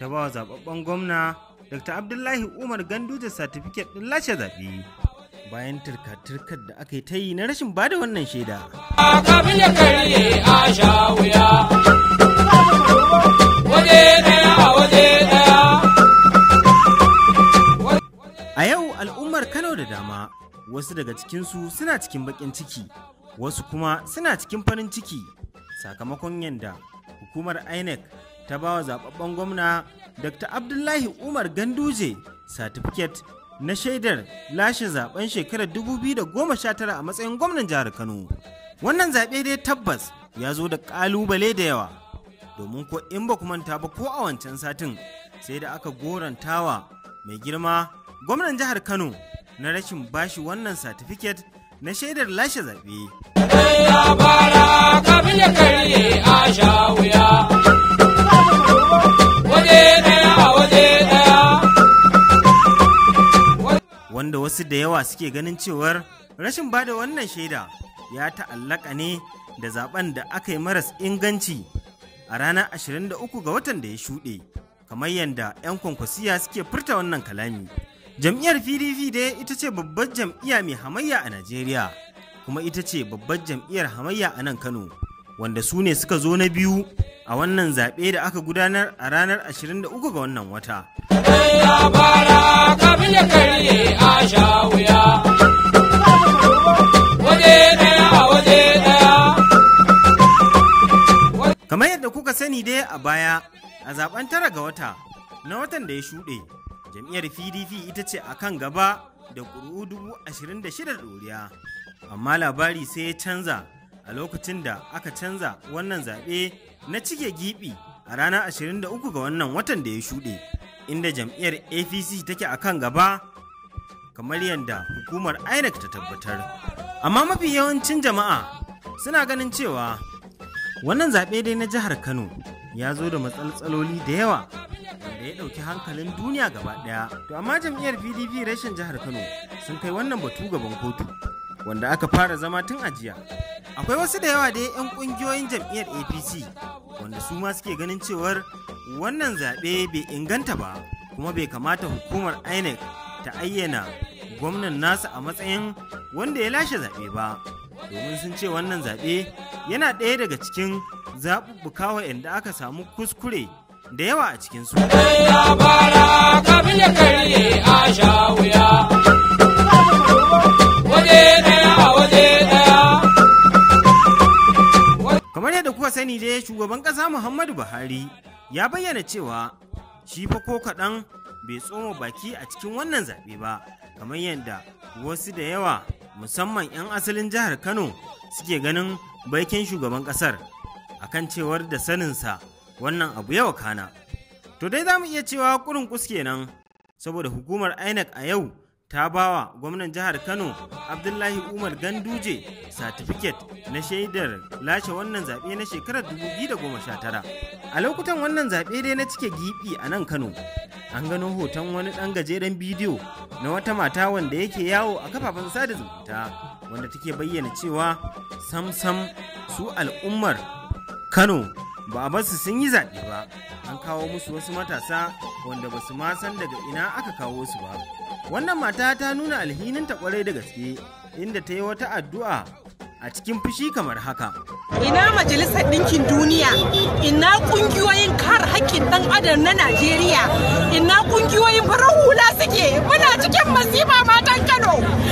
ta ba wa zababben gwamna dr abdullahi umar ganduje satifiket ɗin lashe zaɓe bayan turka-turkar da aka yi ta yi na rashin bada wannan shaida a yau al'ummar kano da dama wasu daga cikinsu suna cikin baƙin ciki wasu kuma suna cikin farin ciki sakamakon yadda hukumar inec ta ba wa zababben gwamna dr abdullahi umar ganduje satifiket na shaidar lashe zaben shekarar 2019 a matsayin gwamnan jihar kano wannan zaɓe dai tabbas ya zo da ƙalubale da yawa domin ko in ba manta ba ko a wancan satin sai da aka gorantawa mai girma gwamnan jihar kano na rashin bashi wannan satifiket na shaidar lashe zaɓe. wanda wasu da yawa suke ganin cewar rashin bada wannan shaida ya ta'allaka ne da zaben da aka yi maras inganci a ranar 23 ga watan da ya shuɗe kamar yadda 'yan kwankwasiya suke furta wannan kalami jam'iyyar pdp dai ita ce babbar jam'iyya mai hamayya a najeriya kuma ita ce babbar jam'iyyar hamayya a nan kano wanda su ne suka zo na biyu a wannan zaɓe da aka gudanar a ranar 23 ga wannan wata. Kamar yadda kuka sani dai a baya a zaɓen tara ga wata na watan da ya shuɗe, jam'iyyar PDP ita ce a kan gaba da ƙuri'u da ɗoriya, amma labari sai ya canza. a lokacin da aka canza wannan zaɓe na cike giɓi a ranar 23 ga wannan watan da ya shuɗe inda jam'iyyar apc take a kan gaba kamar yadda hukumar inec ta tabbatar amma mafi yawancin jama'a suna ganin cewa wannan zaɓe dai na jihar kano ya zo da matsaltsaloli da yawa wanda ya ɗauki hankalin duniya gaba ɗaya to amma jam'iyyar pdp rashin jihar kano sun kai wannan batu gaban kotu wanda aka fara zama tun ajiya akwai wasu da yawa da 'yan kungiyoyin jam'iyyar apc wanda su ma suke ganin cewar wannan zaɓe bai inganta ba kuma bai kamata hukumar inec ta ayyana gwamnan nasu a matsayin wanda ya lashe zaɓe ba domin sun ce wannan zaɓe yana ɗaya daga cikin zaɓuɓɓuka da aka samu kuskure da yawa a cikinsu. kuwa sani dai shugaban ƙasa Muhammadu Buhari ya bayyana cewa shi fa ko kaɗan bai tsoma baki a cikin wannan zaɓe ba kamar yadda wasu da yawa musamman 'yan asalin jihar Kano suke ganin baikin shugaban ƙasar akan cewar da saninsa wannan abu yawa kana. To dai za mu iya cewa kurin kuske nan saboda hukumar INEC a yau ta bawa gwamnan jihar Kano Abdullahi Umar Ganduje satifiket na shaidar lashe wannan zaɓe na shekarar 2019. A lokutan wannan zaɓe dai na cike giɓi a nan Kano, an gano hoton wani ɗan gajeren bidiyo na wata mata wanda yake yawo a kafafen sada zumunta wanda take bayyana cewa sam-sam su al'ummar Kano ba a basu sun yi zaɓe ba, an kawo musu wasu matasa wanda ba su san daga ina aka kawo su ba wannan mata ta nuna alhininta kwarai da gaske inda ta yi wata addu'a a cikin fushi kamar haka. Ina Majalisar Ɗinkin Duniya, ina ƙungiyoyin kare haƙƙin ɗan adam na Najeriya, ina ƙungiyoyin farar hula suke muna cikin masifa matan Kano.